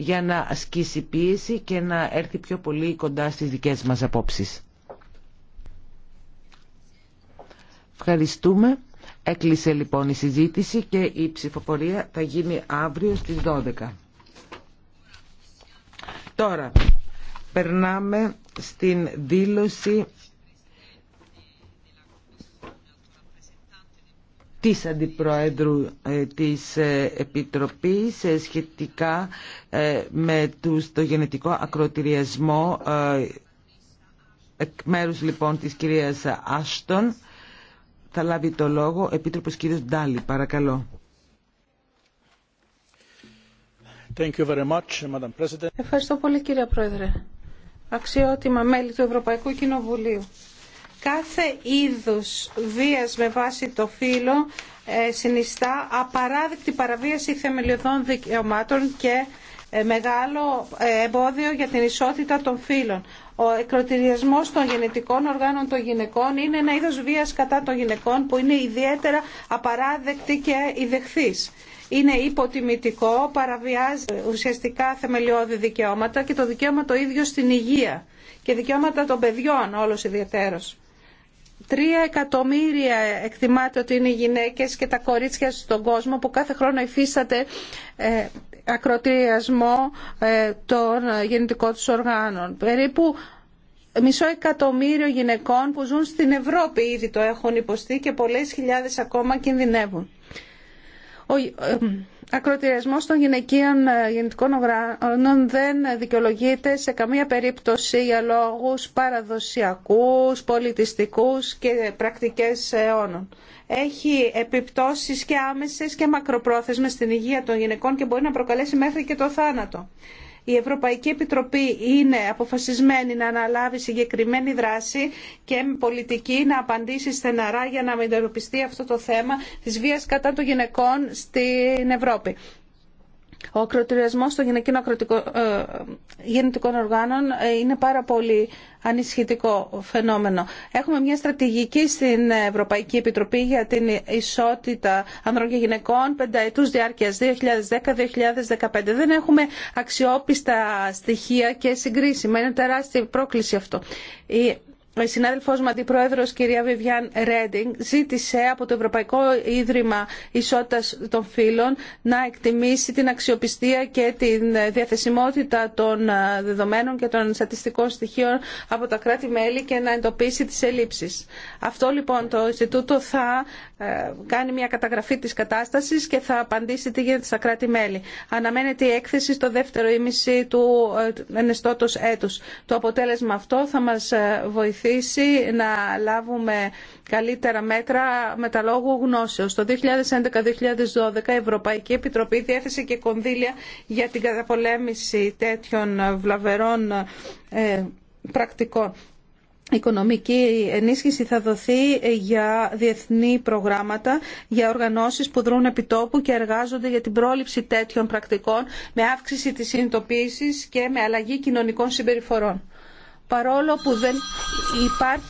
για να ασκήσει πίεση και να έρθει πιο πολύ κοντά στις δικές μας απόψεις. Ευχαριστούμε. Έκλεισε λοιπόν η συζήτηση και η ψηφοφορία θα γίνει αύριο στις 12. Τώρα, περνάμε στην δήλωση της Αντιπροέδρου ε, της ε, Επιτροπής ε, σχετικά με το γενετικό ακροτηριασμό εκ μέρους λοιπόν της κυρίας Άστον. Θα λάβει το λόγο ο Επίτροπος κύριος Ντάλι. Παρακαλώ. Ευχαριστώ πολύ κύριε Πρόεδρε. Αξιότιμα μέλη του Ευρωπαϊκού Κοινοβουλίου κάθε είδους βίας με βάση το φύλλο ε, συνιστά απαράδεκτη παραβίαση θεμελιωδών δικαιωμάτων και ε, μεγάλο ε, εμπόδιο για την ισότητα των φύλων. Ο εκροτηριασμός των γενετικών οργάνων των γυναικών είναι ένα είδος βίας κατά των γυναικών που είναι ιδιαίτερα απαράδεκτη και ιδεχθής. Είναι υποτιμητικό, παραβιάζει ουσιαστικά θεμελιώδη δικαιώματα και το δικαίωμα το ίδιο στην υγεία και δικαιώματα των παιδιών όλος ιδιαίτερος. Τρία εκατομμύρια εκτιμάται ότι είναι οι γυναίκες και τα κορίτσια στον κόσμο που κάθε χρόνο υφίσταται ε, ακροτηριασμό ε, των γεννητικών τους οργάνων. Περίπου μισό εκατομμύριο γυναικών που ζουν στην Ευρώπη ήδη το έχουν υποστεί και πολλές χιλιάδες ακόμα κινδυνεύουν. Ε, ακροτηριασμός των γυναικείων ε, γεννητικών οργάνων δεν δικαιολογείται σε καμία περίπτωση για λόγους παραδοσιακούς, πολιτιστικούς και πρακτικές αιώνων. Έχει επιπτώσεις και άμεσες και μακροπρόθεσμες στην υγεία των γυναικών και μπορεί να προκαλέσει μέχρι και το θάνατο. Η Ευρωπαϊκή Επιτροπή είναι αποφασισμένη να αναλάβει συγκεκριμένη δράση και πολιτική να απαντήσει στεναρά για να αντιμετωπιστεί αυτό το θέμα της βίας κατά των γυναικών στην Ευρώπη. Ο ακροτηριασμό των γυναικείων ε, γεννητικών οργάνων ε, είναι πάρα πολύ ανησυχητικό φαινόμενο. Έχουμε μια στρατηγική στην Ευρωπαϊκή Επιτροπή για την ισότητα ανδρών και γυναικών πενταετούς διάρκειας 2010-2015. Δεν έχουμε αξιόπιστα στοιχεία και συγκρίσιμα. Είναι τεράστια πρόκληση αυτό. Ο συνάδελφός μου αντιπρόεδρος κυρία Βιβιάν Ρέντινγκ ζήτησε από το Ευρωπαϊκό Ίδρυμα Ισότητας των Φύλων να εκτιμήσει την αξιοπιστία και την διαθεσιμότητα των ε, δεδομένων και των στατιστικών στοιχείων από τα κράτη-μέλη και να εντοπίσει τις ελλείψεις. Αυτό λοιπόν το Ινστιτούτο θα ε, κάνει μια καταγραφή της κατάστασης και θα απαντήσει τι γίνεται στα κράτη-μέλη. Αναμένεται η έκθεση στο δεύτερο ήμιση του ε, ενεστώτος έτου. Το αποτέλεσμα αυτό θα μας βοηθήσει βοηθήσει να λάβουμε καλύτερα μέτρα με τα λόγου γνώσεως. Το 2011-2012 η Ευρωπαϊκή Επιτροπή διέθεσε και κονδύλια για την καταπολέμηση τέτοιων βλαβερών ε, πρακτικών. Οικονομική ενίσχυση θα δοθεί για διεθνή προγράμματα, για οργανώσεις που δρούν επιτόπου και εργάζονται για την πρόληψη τέτοιων πρακτικών με αύξηση της συνειδητοποίησης και με αλλαγή κοινωνικών συμπεριφορών παρόλο που δεν υπάρχει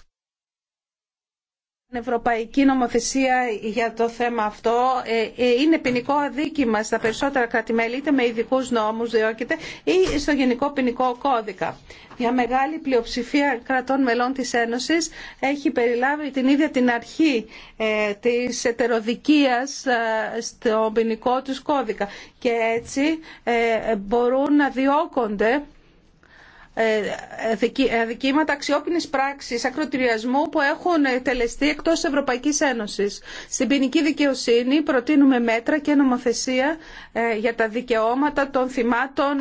ευρωπαϊκή νομοθεσία για το θέμα αυτό ε, ε, είναι ποινικό αδίκημα στα περισσότερα κράτη-μέλη είτε με ειδικού νόμους διώκεται ή στο Γενικό Ποινικό Κώδικα. Μια μεγάλη πλειοψηφία κρατών μελών της Ένωσης έχει περιλάβει την ίδια την αρχή ε, της ετεροδικίας στο ποινικό τους κώδικα και έτσι μπορούν να διώκονται ε, αδικήματα αξιόπινης πράξης ακροτηριασμού που έχουν ε, τελεστεί εκτός Ευρωπαϊκής Ένωσης. Στην ποινική δικαιοσύνη προτείνουμε μέτρα και νομοθεσία ε, για τα δικαιώματα των θυμάτων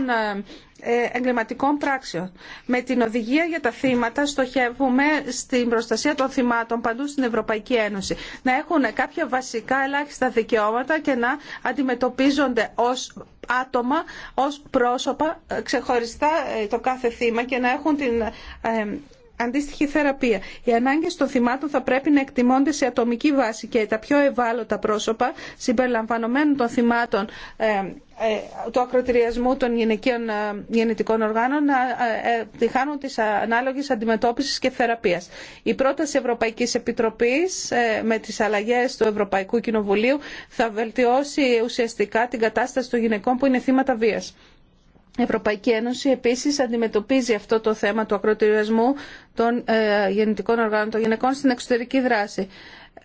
ε, εγκληματικών πράξεων. Με την οδηγία για τα θύματα στοχεύουμε στην προστασία των θυμάτων παντού στην Ευρωπαϊκή Ένωση. Να έχουν κάποια βασικά ελάχιστα δικαιώματα και να αντιμετωπίζονται ως άτομα, ως πρόσωπα ε, ξεχωριστά ε, το κάθε θύμα και να έχουν την αντίστοιχη θεραπεία. Οι ανάγκε των θυμάτων θα πρέπει να εκτιμώνται σε ατομική βάση και τα πιο ευάλωτα πρόσωπα συμπεριλαμβανομένων των θυμάτων ε, ε, του ακροτηριασμού των γυναικείων ε, γεννητικών οργάνων να τη χάνουν της ανάλογης αντιμετώπισης και θεραπεία. Η πρόταση Ευρωπαϊκής Επιτροπής με τι αλλαγέ του Ευρωπαϊκού Κοινοβουλίου θα βελτιώσει ουσιαστικά την κατάσταση των γυναικών που είναι θύματα βία. Η Ευρωπαϊκή Ένωση επίσης αντιμετωπίζει αυτό το θέμα του ακροτηριασμού των ε, γεννητικών οργάνων των γυναικών στην εξωτερική δράση.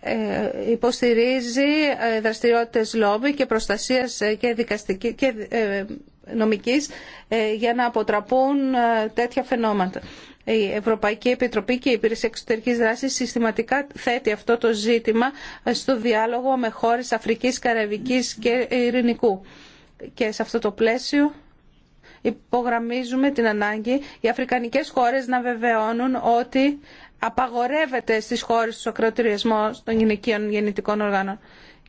Ε, υποστηρίζει ε, δραστηριότητες λόμπι και προστασίας και δικαστική και νομικής για να αποτραπούν τέτοια φαινόματα. Η Ευρωπαϊκή Επιτροπή και η Υπηρεσία Εξωτερική Δράση συστηματικά θέτει αυτό το ζήτημα στο διάλογο με χώρε Αφρική, Καραβική και Ειρηνικού. Και σε αυτό το πλαίσιο υπογραμμίζουμε την ανάγκη οι αφρικανικές χώρες να βεβαιώνουν ότι απαγορεύεται στις χώρες του ακροτηριασμό των γυναικείων γεννητικών οργάνων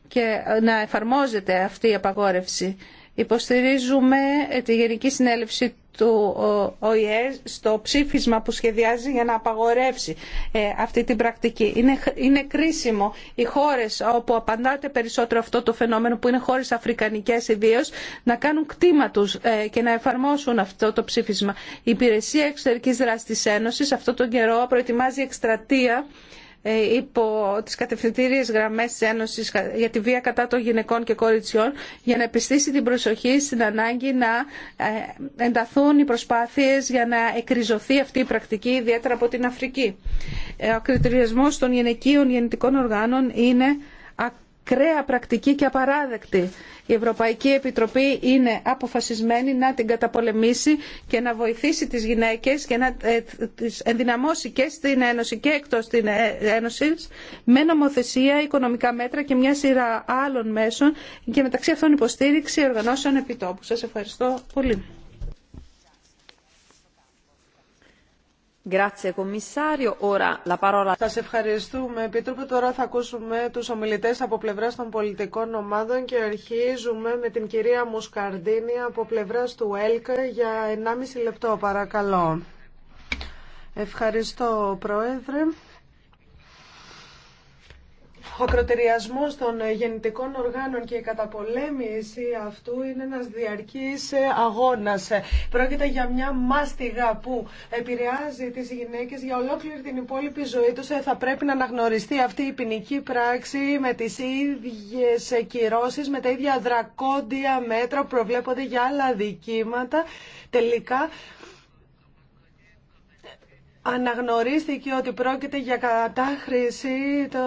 και να εφαρμόζεται αυτή η απαγόρευση. Υποστηρίζουμε τη Γενική Συνέλευση του ΟΗΕ στο ψήφισμα που σχεδιάζει για να απαγορεύσει ε, αυτή την πρακτική. Είναι, είναι κρίσιμο οι χώρες όπου απαντάται περισσότερο αυτό το φαινόμενο που είναι χώρε αφρικανικές ιδίω, να κάνουν κτήμα τους ε, και να εφαρμόσουν αυτό το ψήφισμα. Η Υπηρεσία Εξωτερικής Δράσης της Ένωσης αυτό τον καιρό προετοιμάζει εκστρατεία ε, υπό τις κατευθυντήριες γραμμές της Ένωσης για τη βία κατά των γυναικών και κοριτσιών για να επιστήσει την προσοχή στην ανάγκη να ε, ενταθούν οι προσπάθειες για να εκριζωθεί αυτή η πρακτική ιδιαίτερα από την Αφρική. Ε, ο κριτηριασμός των γυναικείων γεννητικών οργάνων είναι ακραία πρακτική και απαράδεκτη η Ευρωπαϊκή Επιτροπή είναι αποφασισμένη να την καταπολεμήσει και να βοηθήσει τις γυναίκες και να ε, τις ενδυναμώσει και στην Ένωση και εκτός της ε, Ένωσης με νομοθεσία, οικονομικά μέτρα και μια σειρά άλλων μέσων και μεταξύ αυτών υποστήριξη οργανώσεων επιτόπου. Σας ευχαριστώ πολύ. Σας ευχαριστούμε. Επίτροπε, τώρα θα ακούσουμε τους ομιλητές από πλευράς των πολιτικών ομάδων και αρχίζουμε με την κυρία Μουσκαρδίνη από πλευράς του Έλκα για 1,5 λεπτό παρακαλώ. Ευχαριστώ Πρόεδρε. Ο κροτηριασμός των ε, γεννητικών οργάνων και η καταπολέμηση αυτού είναι ένας διαρκής ε, αγώνας. Ε, πρόκειται για μια μάστιγα που επηρεάζει τις γυναίκες για ολόκληρη την υπόλοιπη ζωή τους. Θα πρέπει να αναγνωριστεί αυτή η ποινική πράξη με τις ίδιες κυρώσεις, με τα ίδια δρακόντια μέτρα που προβλέπονται για άλλα δικήματα. Τελικά αναγνωρίστηκε ότι πρόκειται για κατάχρηση το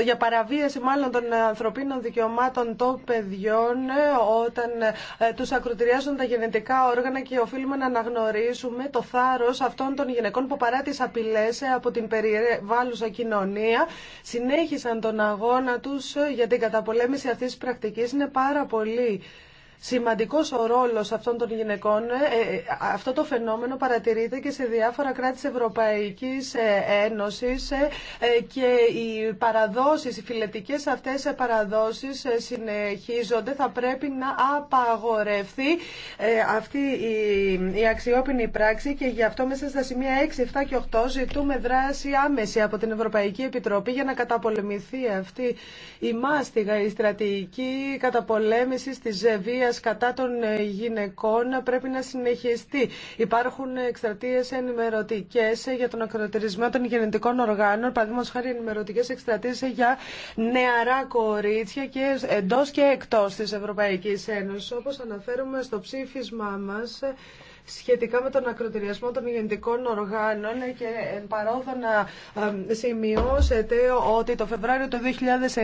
για παραβίαση μάλλον των ανθρωπίνων δικαιωμάτων των παιδιών ε, όταν ε, τους ακροτηριάζουν τα γενετικά όργανα και οφείλουμε να αναγνωρίσουμε το θάρρος αυτών των γυναικών που παρά τις απειλές ε, από την περιβάλλουσα κοινωνία συνέχισαν τον αγώνα τους για την καταπολέμηση αυτής της πρακτικής. Είναι πάρα πολύ Σημαντικός ο ρόλος αυτών των γυναικών, ε, ε, αυτό το φαινόμενο παρατηρείται και σε διάφορα κράτη της Ευρωπαϊκής ε, Ένωσης και οι παραδόσεις, οι φιλετικές αυτές παραδόσεις συνεχίζονται. Θα πρέπει να απαγορευτεί αυτή η αξιόπινη πράξη και γι' αυτό μέσα στα σημεία 6, 7 και 8 ζητούμε δράση άμεση από την Ευρωπαϊκή Επιτροπή για να καταπολεμηθεί αυτή η μάστιγα, η στρατηγική καταπολέμηση στη βίας κατά των ε, γυναικών πρέπει να συνεχιστεί. Υπάρχουν εκστρατείε ενημερωτικέ για τον ακροτηρισμό των γεννητικών οργάνων, παραδείγματο χάρη ενημερωτικέ εκστρατείε για νεαρά κορίτσια και εντό και εκτό τη Ευρωπαϊκή Ένωση. Όπω αναφέρουμε στο ψήφισμά μα, σχετικά με τον ακροτηριασμό των γεννητικών οργάνων και παρόδο να σημειώσετε ότι το Φεβράριο του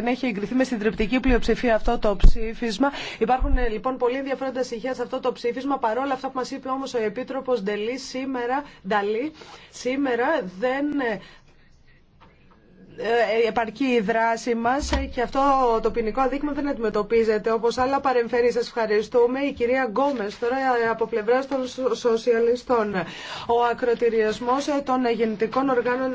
2009 έχει εγκριθεί με συντριπτική πλειοψηφία αυτό το ψήφισμα. Υπάρχουν ε, λοιπόν πολύ ενδιαφέροντα στοιχεία σε αυτό το ψήφισμα. Παρόλα αυτά που μα είπε όμω ο Επίτροπο Ντελή σήμερα, Νταλή, σήμερα δεν ε, ε, επαρκεί η δράση μα και αυτό το ποινικό αδίκημα δεν αντιμετωπίζεται Όπω άλλα παρεμφέρει. σα ευχαριστούμε. Η κυρία Γκόμε, τώρα ε, από πλευρά των σοσιαλιστών. Ο ακροτηριασμό ε, των γεννητικών οργάνων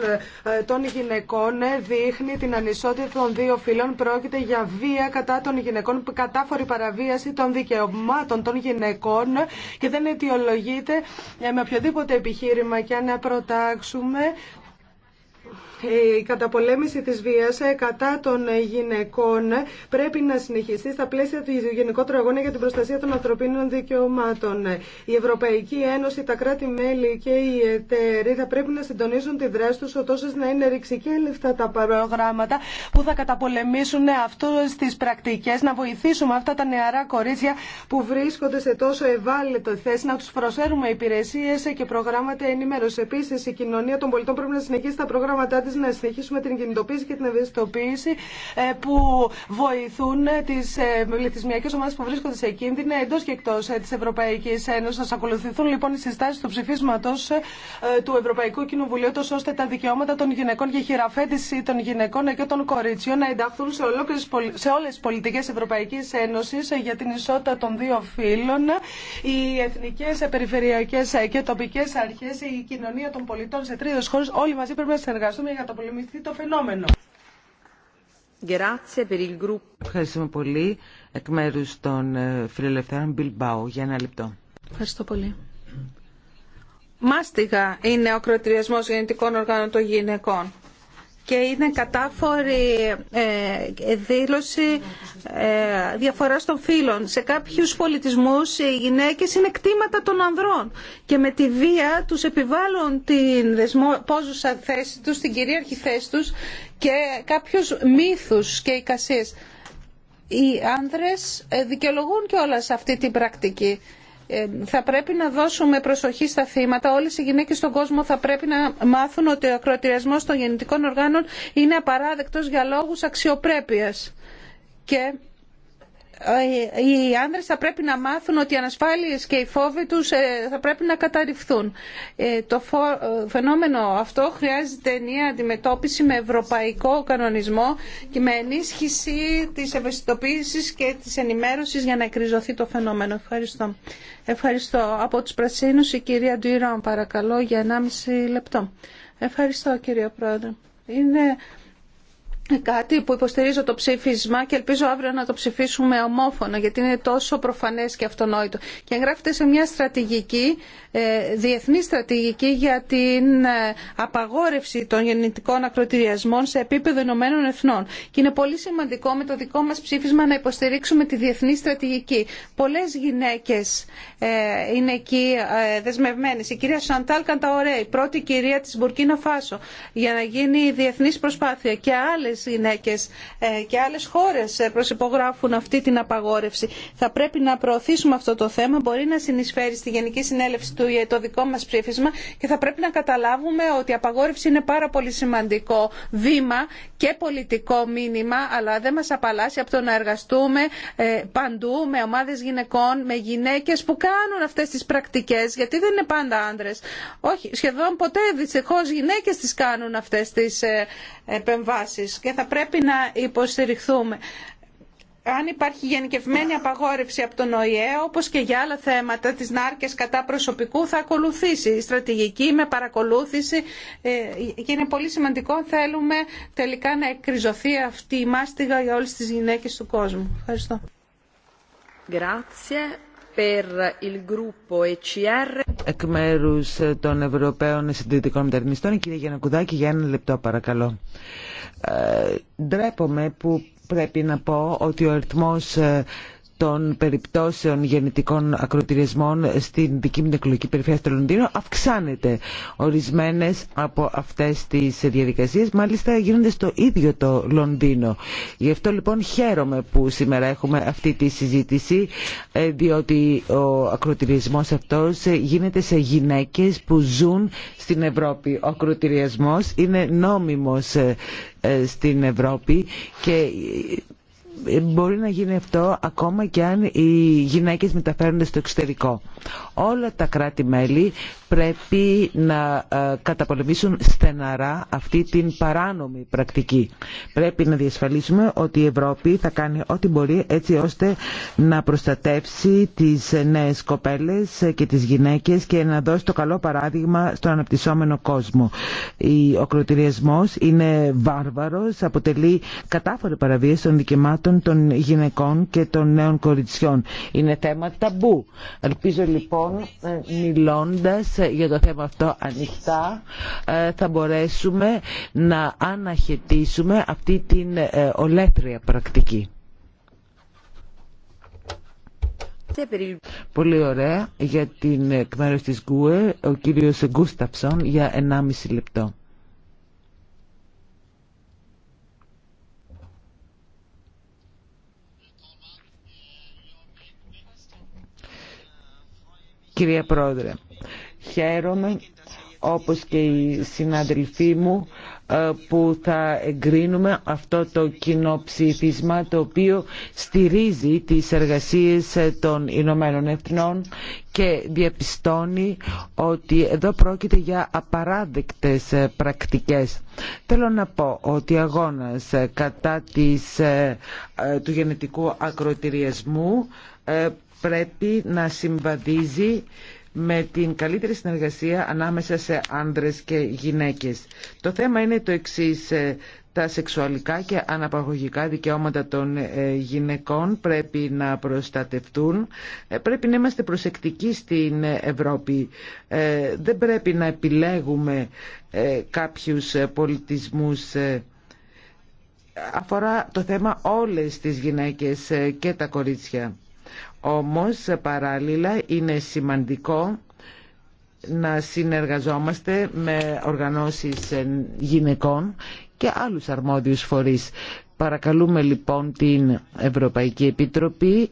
των γυναικών δείχνει την ανισότητα των δύο φύλων. Πρόκειται για βία κατά των γυναικών, κατάφορη παραβίαση των δικαιωμάτων των γυναικών και δεν αιτιολογείται με οποιοδήποτε επιχείρημα και αν προτάξουμε η καταπολέμηση της βίας ε, κατά των γυναικών πρέπει να συνεχιστεί στα πλαίσια του γενικότερου αγώνα για την προστασία των ανθρωπίνων δικαιωμάτων. Η Ευρωπαϊκή Ένωση, τα κράτη-μέλη και οι εταίροι θα πρέπει να συντονίζουν τη δράση τους ώστε να είναι ρηξικέλευτα τα προγράμματα που θα καταπολεμήσουν αυτές τις πρακτικές, να βοηθήσουμε αυτά τα νεαρά κορίτσια που βρίσκονται σε τόσο ευάλωτη θέση, να τους προσφέρουμε υπηρεσίες και προγράμματα ενημέρωση. Επίσης, η κοινωνία των πολιτών πρέπει να συνεχίσει τα προγράμματα προγράμματά τη να συνεχίσουμε την κινητοποίηση και την ευαισθητοποίηση ε, που βοηθούν ε, τις πληθυσμιακέ ε, ομάδε που βρίσκονται σε κίνδυνα εντό και εκτός τη Ευρωπαϊκή Ένωση, Θα ακολουθηθούν λοιπόν οι συστάσει του ψηφίσματος του Ευρωπαϊκού Κοινοβουλίου τόσο ώστε τα δικαιώματα των γυναικών και η χειραφέτηση των γυναικών και των κοριτσιών να ενταχθούν σε, σε τι πολιτικέ Ευρωπαϊκή Ένωση, Ένωσης για την ισότητα των δύο φύλων. Οι εθνικέ περιφερειακέ και τοπικέ αρχέ, η κοινωνία των πολιτών σε τρίτε χώρε, όλοι μαζί πρέπει να συνεργαστούν συνεργαστούμε για να το πολεμηθεί το φαινόμενο. Ευχαριστούμε πολύ εκ μέρου των ε, φιλελευθέρων Μπιλμπάου. Για ένα λεπτό. Ευχαριστώ πολύ. Μάστιγα είναι ο κροτηριασμός γεννητικών οργάνων των γυναικών και είναι κατάφορη ε, δήλωση ε, διαφοράς των φύλων. Σε κάποιους πολιτισμούς οι γυναίκες είναι κτήματα των ανδρών και με τη βία τους επιβάλλουν την δεσμόζουσα θέση τους, την κυρίαρχη θέση τους και κάποιους μύθους και εικασίες. Οι άνδρες δικαιολογούν και όλα σε αυτή την πρακτική ε, θα πρέπει να δώσουμε προσοχή στα θύματα. Όλες οι γυναίκες στον κόσμο θα πρέπει να μάθουν ότι ο ακροτηριασμό των γεννητικών οργάνων είναι απαράδεκτος για λόγους αξιοπρέπειας. Και ε, οι άνδρες θα πρέπει να μάθουν ότι οι ανασφάλειες και οι φόβοι τους ε, θα πρέπει να καταρριφθούν. Ε, το φαινόμενο αυτό χρειάζεται ενιαία αντιμετώπιση με ευρωπαϊκό κανονισμό και με ενίσχυση της ευαισθητοποίησης και της ενημέρωσης για να εκκριζωθεί το φαινόμενο. Ευχαριστώ. Ευχαριστώ. Από τους Πρασίνους η κυρία Ντουιράν παρακαλώ για 1,5 λεπτό. Ευχαριστώ κύριε Πρόεδρε. Είναι κάτι που υποστηρίζω το ψήφισμα και ελπίζω αύριο να το ψηφίσουμε ομόφωνα γιατί είναι τόσο προφανές και αυτονόητο και εγγράφεται σε μια στρατηγική ε, διεθνή στρατηγική για την ε, απαγόρευση των γεννητικών ακροτηριασμών σε επίπεδο Ηνωμένων Εθνών. Και είναι πολύ σημαντικό με το δικό μας ψήφισμα να υποστηρίξουμε τη διεθνή στρατηγική. Πολλές γυναίκες ε, είναι εκεί δεσμευμένες. Η κυρία Σαντάλ Κανταωρέ, η πρώτη κυρία της Μπουρκίνα Φάσο, για να γίνει διεθνής προσπάθεια και άλλες γυναίκες και άλλες χώρες προσυπογράφουν αυτή την απαγόρευση. Θα πρέπει να προωθήσουμε αυτό το θέμα. Μπορεί να συνεισφέρει στη Γενική Συνέλευση του ε, το δικό μας ψήφισμα και θα πρέπει να καταλάβουμε ότι η απαγόρευση είναι πάρα πολύ σημαντικό βήμα και πολιτικό μήνυμα αλλά δεν μας απαλλάσσει από το να εργαστούμε ε, παντού με ομάδες γυναικών, με γυναίκες που κάνουν αυτές τις πρακτικές γιατί δεν είναι πάντα άντρες. Όχι, σχεδόν ποτέ δυστυχώ γυναίκες τις κάνουν αυτές τις ε, επεμβάσεις και θα πρέπει να υποστηριχθούμε αν υπάρχει γενικευμένη απαγόρευση από τον ΟΗΕ, όπως και για άλλα θέματα της νάρκες κατά προσωπικού, θα ακολουθήσει η στρατηγική με παρακολούθηση ε, και είναι πολύ σημαντικό θέλουμε τελικά να εκκριζωθεί αυτή η μάστιγα για όλες τις γυναίκες του κόσμου. Ευχαριστώ. E Εκ μέρου των Ευρωπαίων Συντηρητικών Μεταρρυθμιστών, κύριε Γιανακουδάκη, για ένα λεπτό παρακαλώ. Ε, ντρέπομαι που πρέπει να πω ότι ο αριθμός ε, των περιπτώσεων γεννητικών ακροτηριασμών στην δική μου εκλογική περιφέρεια στο Λονδίνο αυξάνεται ορισμένες από αυτές τις διαδικασίες μάλιστα γίνονται στο ίδιο το Λονδίνο γι' αυτό λοιπόν χαίρομαι που σήμερα έχουμε αυτή τη συζήτηση ε, διότι ο ακροτηριασμός αυτός γίνεται σε γυναίκες που ζουν στην Ευρώπη ο ακροτηριασμός είναι νόμιμος ε, ε, στην Ευρώπη και μπορεί να γίνει αυτό ακόμα και αν οι γυναίκες μεταφέρονται στο εξωτερικό. Όλα τα κράτη-μέλη πρέπει να ε, καταπολεμήσουν στεναρά αυτή την παράνομη πρακτική. Πρέπει να διασφαλίσουμε ότι η Ευρώπη θα κάνει ό,τι μπορεί έτσι ώστε να προστατεύσει τις νέες κοπέλες και τις γυναίκες και να δώσει το καλό παράδειγμα στον αναπτυσσόμενο κόσμο. Ο κροτηριασμός είναι βάρβαρος, αποτελεί κατάφορη παραβίαση των δικαιωμάτων δικαιωμάτων των γυναικών και των νέων κοριτσιών. Είναι θέμα ταμπού. Ελπίζω λοιπόν ε, μιλώντας ε, για το θέμα αυτό ανοιχτά ε, θα μπορέσουμε να αναχαιτήσουμε αυτή την ολέθρια πρακτική. Πολύ ωραία για την εκμέρωση της ο κύριος Γκούσταψον για 1,5 λεπτό. Κυρία Πρόεδρε, χαίρομαι όπως και οι συναδελφοί μου ε, που θα εγκρίνουμε αυτό το κοινό ψήφισμα το οποίο στηρίζει τις εργασίες ε, των Ηνωμένων Εθνών και διαπιστώνει ότι εδώ πρόκειται για απαράδεκτες ε, πρακτικές. Θέλω να πω ότι η αγώνας κατά της, του γενετικού ακροτηριασμού πρέπει να συμβαδίζει με την καλύτερη συνεργασία ανάμεσα σε άνδρες και γυναίκες. Το θέμα είναι το εξής. Ε, τα σεξουαλικά και αναπαγωγικά δικαιώματα των ε, γυναικών πρέπει να προστατευτούν. Ε, πρέπει να είμαστε προσεκτικοί στην Ευρώπη. Δεν πρέπει να επιλέγουμε κάποιους πολιτισμούς αφορά το θέμα όλες τις γυναίκες και τα κορίτσια. Όμως παράλληλα είναι σημαντικό να συνεργαζόμαστε με οργανώσεις ε, γυναικών και άλλους αρμόδιους φορείς. Παρακαλούμε λοιπόν την Ευρωπαϊκή Επιτροπή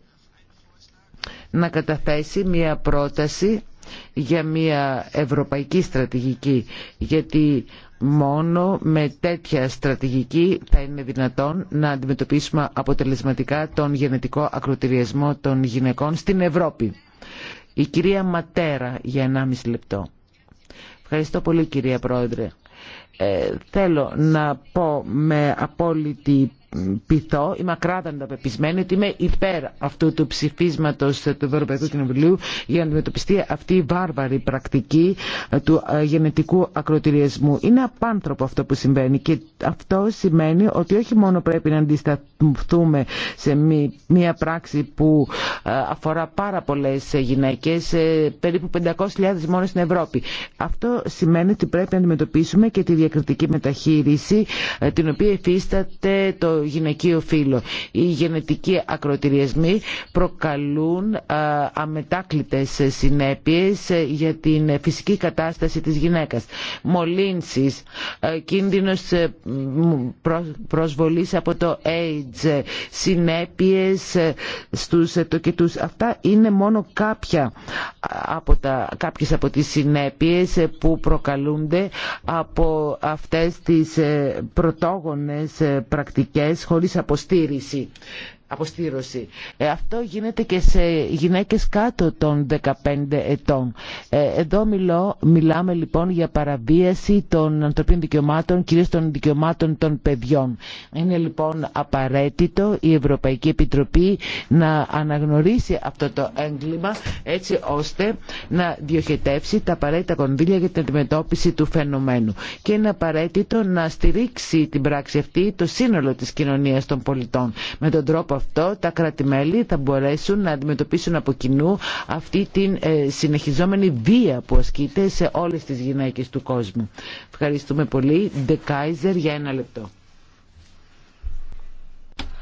να καταθέσει μια πρόταση για μια ευρωπαϊκή στρατηγική γιατί μόνο με τέτοια στρατηγική θα είναι δυνατόν να αντιμετωπίσουμε αποτελεσματικά τον γενετικό ακροτηριασμό των γυναικών στην Ευρώπη. Η κυρία Ματέρα για 1,5 λεπτό. Ευχαριστώ πολύ κυρία Πρόεδρε ε, θέλω να πω με απόλυτη πειθό είμαι ακράδαντα πεπισμένη ότι είμαι υπέρ αυτού του ψηφίσματος του Ευρωπαϊκού Κοινοβουλίου για να αντιμετωπιστεί αυτή η βάρβαρη πρακτική ε, του ε, γενετικού ακροτηριασμού. Είναι απάνθρωπο αυτό που συμβαίνει και αυτό σημαίνει ότι όχι μόνο πρέπει να αντισταθούμε σε μία πράξη που ε, αφορά πάρα πολλές γυναίκες, περίπου 500.000 μόνο στην Ευρώπη. Αυτό σημαίνει ότι πρέπει να αντιμετωπίσουμε και τη διακριτική μεταχείριση ε, την οποία υφίσταται το γυναικείο φύλλο. Οι γενετικοί ακροτηριασμοί προκαλούν ε, αμετάκλητες συνέπειες ε, για την φυσική κατάσταση της γυναίκας. Μολύνσεις, κίνδυνος προσβολής από το AIDS, συνέπειες στους τοκετούς. Αυτά είναι μόνο κάποια από τα, κάποιες από τις συνέπειες που προκαλούνται από αυτές τις ε, πρωτόγονες ε, πρακτικές χωρίς αποστήριση αποστήρωση. Ε, αυτό γίνεται και σε γυναίκες κάτω των 15 ετών. Ε, εδώ μιλώ, μιλάμε λοιπόν για παραβίαση των ανθρωπίνων δικαιωμάτων, κυρίως των δικαιωμάτων των παιδιών. Είναι λοιπόν απαραίτητο η Ευρωπαϊκή Επιτροπή να αναγνωρίσει αυτό το έγκλημα έτσι ώστε να διοχετεύσει τα απαραίτητα κονδύλια για την αντιμετώπιση του φαινομένου. Και είναι απαραίτητο να στηρίξει την πράξη αυτή το σύνολο της κοινωνίας των πολιτών. Με τον τρόπο αυτό τα κράτη-μέλη θα μπορέσουν να αντιμετωπίσουν από κοινού αυτή την ε, συνεχιζόμενη βία που ασκείται σε όλες τις γυναίκες του κόσμου. Ευχαριστούμε πολύ. Kaiser για ένα λεπτό.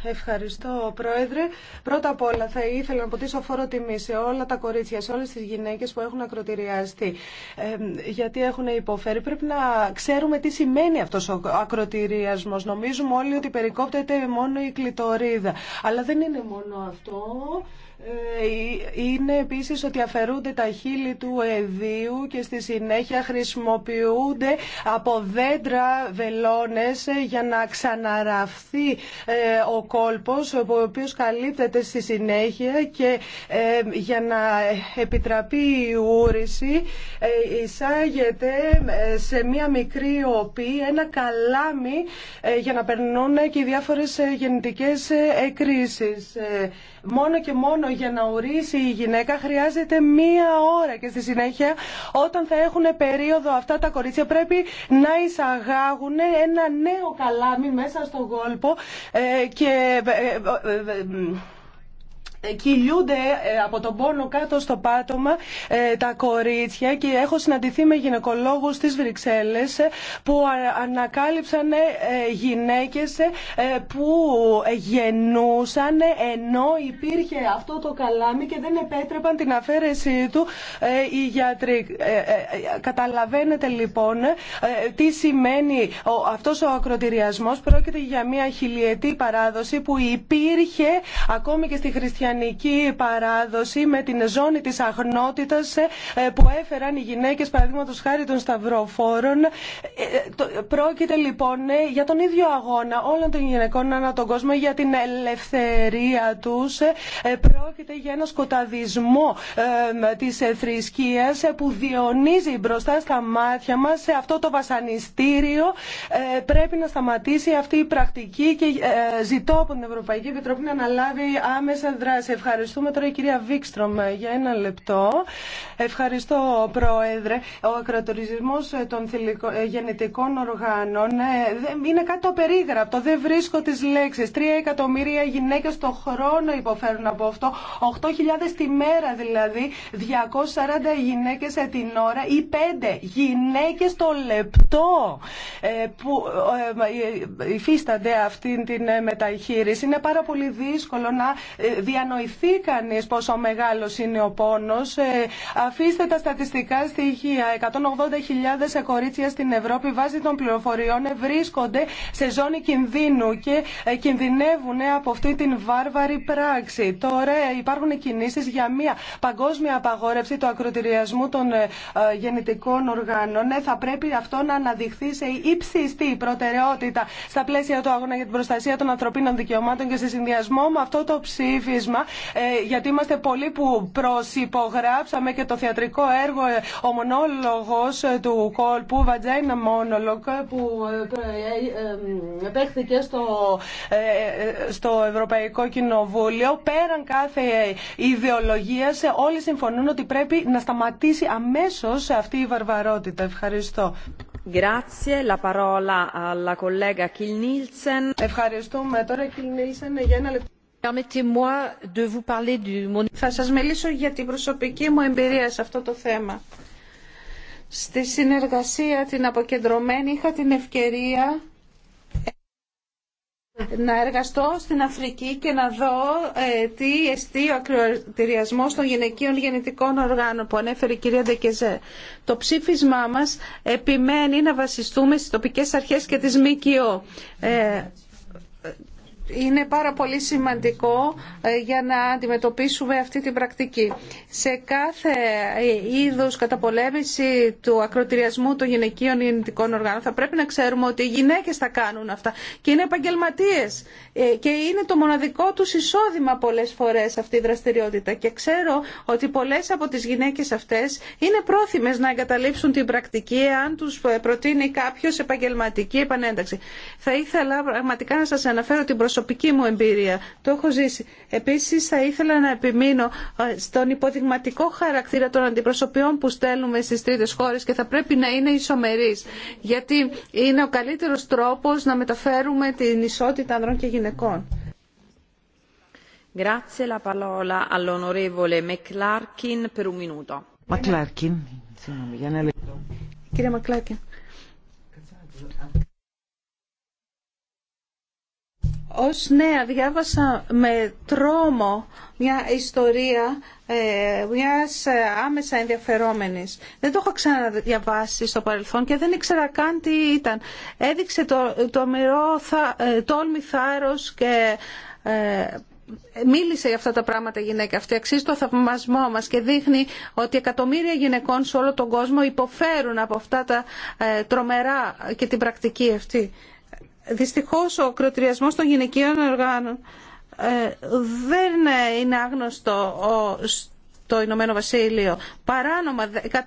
Ευχαριστώ, Πρόεδρε. Πρώτα απ' όλα θα ήθελα να ποτίσω φόρο τιμή σε όλα τα κορίτσια, σε όλε τι γυναίκε που έχουν ακροτηριαστεί. Ε, γιατί έχουν υποφέρει. Πρέπει να ξέρουμε τι σημαίνει αυτό ο ακροτηριασμό. Νομίζουμε όλοι ότι περικόπτεται μόνο η κλητορίδα. Αλλά δεν είναι μόνο αυτό. Ε, είναι επίσης ότι αφαιρούνται τα χείλη του εδίου και στη συνέχεια χρησιμοποιούνται από δέντρα βελόνες για να ξαναραφθεί ε, ο κόλπος ο οποίος καλύπτεται στη συνέχεια και ε, για να επιτραπεί η ούρηση εισάγεται σε μία μικρή οπή ένα καλάμι για να περνούν και οι διάφορες γεννητικές εκκρίσεις. Μόνο και μόνο για να ορίσει η γυναίκα χρειάζεται μία ώρα και στη συνέχεια όταν θα έχουν περίοδο αυτά τα κορίτσια πρέπει να εισαγάγουν ένα νέο καλάμι μέσα στον κόλπο ε, και ε, ε, κυλιούνται ε, από τον πόνο κάτω στο πάτωμα ε, τα κορίτσια και έχω συναντηθεί με γυναικολόγους στις Βρυξέλλες ε, που ανακάλυψαν γυναίκες που γεννούσαν ενώ υπήρχε αυτό το καλάμι και δεν επέτρεπαν την αφαίρεσή του οι γιατροί. Καταλαβαίνετε λοιπόν τι σημαίνει αυτός ο ακροτηριασμός πρόκειται για μια χιλιετή παράδοση που υπήρχε ακόμη και στη χριστιανική χριστιανική παράδοση με την ζώνη της αχνότητας ε, που έφεραν οι γυναίκες παραδείγματος χάρη των σταυροφόρων. Ε, πρόκειται λοιπόν ε, για τον ίδιο αγώνα όλων των γυναικών ανά τον κόσμο για την ελευθερία τους. Πρόκειται για ένα σκοταδισμό της θρησκείας που διονύζει μπροστά στα μάτια μας σε αυτό το βασανιστήριο. Πρέπει να σταματήσει αυτή η πρακτική και ζητώ από την Ευρωπαϊκή Επιτροπή να αναλάβει άμεσα δράση. Σας ευχαριστούμε τώρα η κυρία Βίξτρομ ε, για ένα λεπτό. Ευχαριστώ Πρόεδρε. Ο ακρατορισμός ε, των ε, γενετικών οργάνων είναι κάτι το περίγραπτο. Δεν βρίσκω τις λέξεις. Τρία εκατομμύρια γυναίκες το χρόνο υποφέρουν από αυτό. 8.000 τη μέρα δηλαδή. 240 γυναίκες την ώρα ή 5 γυναίκες το λεπτό που υφίστανται αυτή την μεταχείριση. Είναι πάρα πολύ δύσκολο να κατανοηθήκανε πόσο μεγάλο είναι ο πόνος. Ε, αφήστε τα στατιστικά στοιχεία. 180.000 κορίτσια στην Ευρώπη βάσει των πληροφοριών βρίσκονται σε ζώνη κινδύνου και ε, κινδυνεύουν από αυτή την βάρβαρη πράξη. Τώρα ε, υπάρχουν κινήσει για μια παγκόσμια απαγόρευση του ακροτηριασμού των γεννητικών οργάνων. Θα πρέπει αυτό να αναδειχθεί σε ύψιστη προτεραιότητα στα πλαίσια του αγώνα για την προστασία των ανθρωπίνων δικαιωμάτων και σε συνδυασμό με αυτό το ψήφισμα ε, γιατί είμαστε πολλοί που προσυπογράψαμε και το θεατρικό έργο ε, «Ο μονόλογος ε, του κόλπου», «Vagina Monologue», που επέκτηκε στο, στο Ευρωπαϊκό Κοινοβούλιο. Πέραν κάθε ιδεολογίας, όλοι συμφωνούν ότι πρέπει να σταματήσει αμέσως αυτή η βαρβαρότητα. Ευχαριστώ. Ευχαριστούμε. Τώρα, Κιλ Νίλσεν, για ένα λεπτό. Θα σας μιλήσω για την προσωπική μου εμπειρία σε αυτό το θέμα. Στη συνεργασία την αποκεντρωμένη είχα την ευκαιρία να εργαστώ στην Αφρική και να δω ε, τι εστί ο ακροατηριασμός των γυναικείων γεννητικών οργάνων που ανέφερε η κυρία Ντεκεζέ. Το ψήφισμά μας επιμένει να βασιστούμε στις τοπικές αρχές και τις ΜΚΟ. Ε, είναι πάρα πολύ σημαντικό ε, για να αντιμετωπίσουμε αυτή την πρακτική. Σε κάθε ε, είδους καταπολέμηση του ακροτηριασμού των γυναικείων γεννητικών οργάνων θα πρέπει να ξέρουμε ότι οι γυναίκες θα κάνουν αυτά και είναι επαγγελματίε ε, και είναι το μοναδικό του εισόδημα πολλές φορές αυτή η δραστηριότητα και ξέρω ότι πολλές από τις γυναίκες αυτές είναι πρόθυμες να εγκαταλείψουν την πρακτική αν τους προτείνει κάποιος επαγγελματική επανένταξη. Θα ήθελα πραγματικά να σας αναφέρω την προσωπική προσωπική μου εμπειρία. Το έχω ζήσει. Επίσης θα ήθελα να επιμείνω ε, στον υποδειγματικό χαρακτήρα των αντιπροσωπιών που στέλνουμε στις τρίτες χώρες και θα πρέπει να είναι ισομερείς. Γιατί είναι ο καλύτερος τρόπος να μεταφέρουμε την ισότητα ανδρών και γυναικών. Grazie la parola all'onorevole McClarkin per un minuto. McClarkin, για ένα λεπτό. Κύριε Ως νέα διάβασα με τρόμο μια ιστορία ε, μιας ε, άμεσα ενδιαφερόμενης. Δεν το έχω ξαναδιαβάσει στο παρελθόν και δεν ήξερα καν τι ήταν. Έδειξε το, το μυρό ε, τόλμη θάρρος και ε, μίλησε για αυτά τα πράγματα η γυναίκα αυτή. Αξίζει το θαυμασμό μας και δείχνει ότι εκατομμύρια γυναικών σε όλο τον κόσμο υποφέρουν από αυτά τα ε, τρομερά και την πρακτική αυτή. Δυστυχώς ο κροτηριασμός των γυναικείων οργάνων ε, δεν είναι άγνωστο στο Ηνωμένο Βασίλειο. Παράνομα 100.000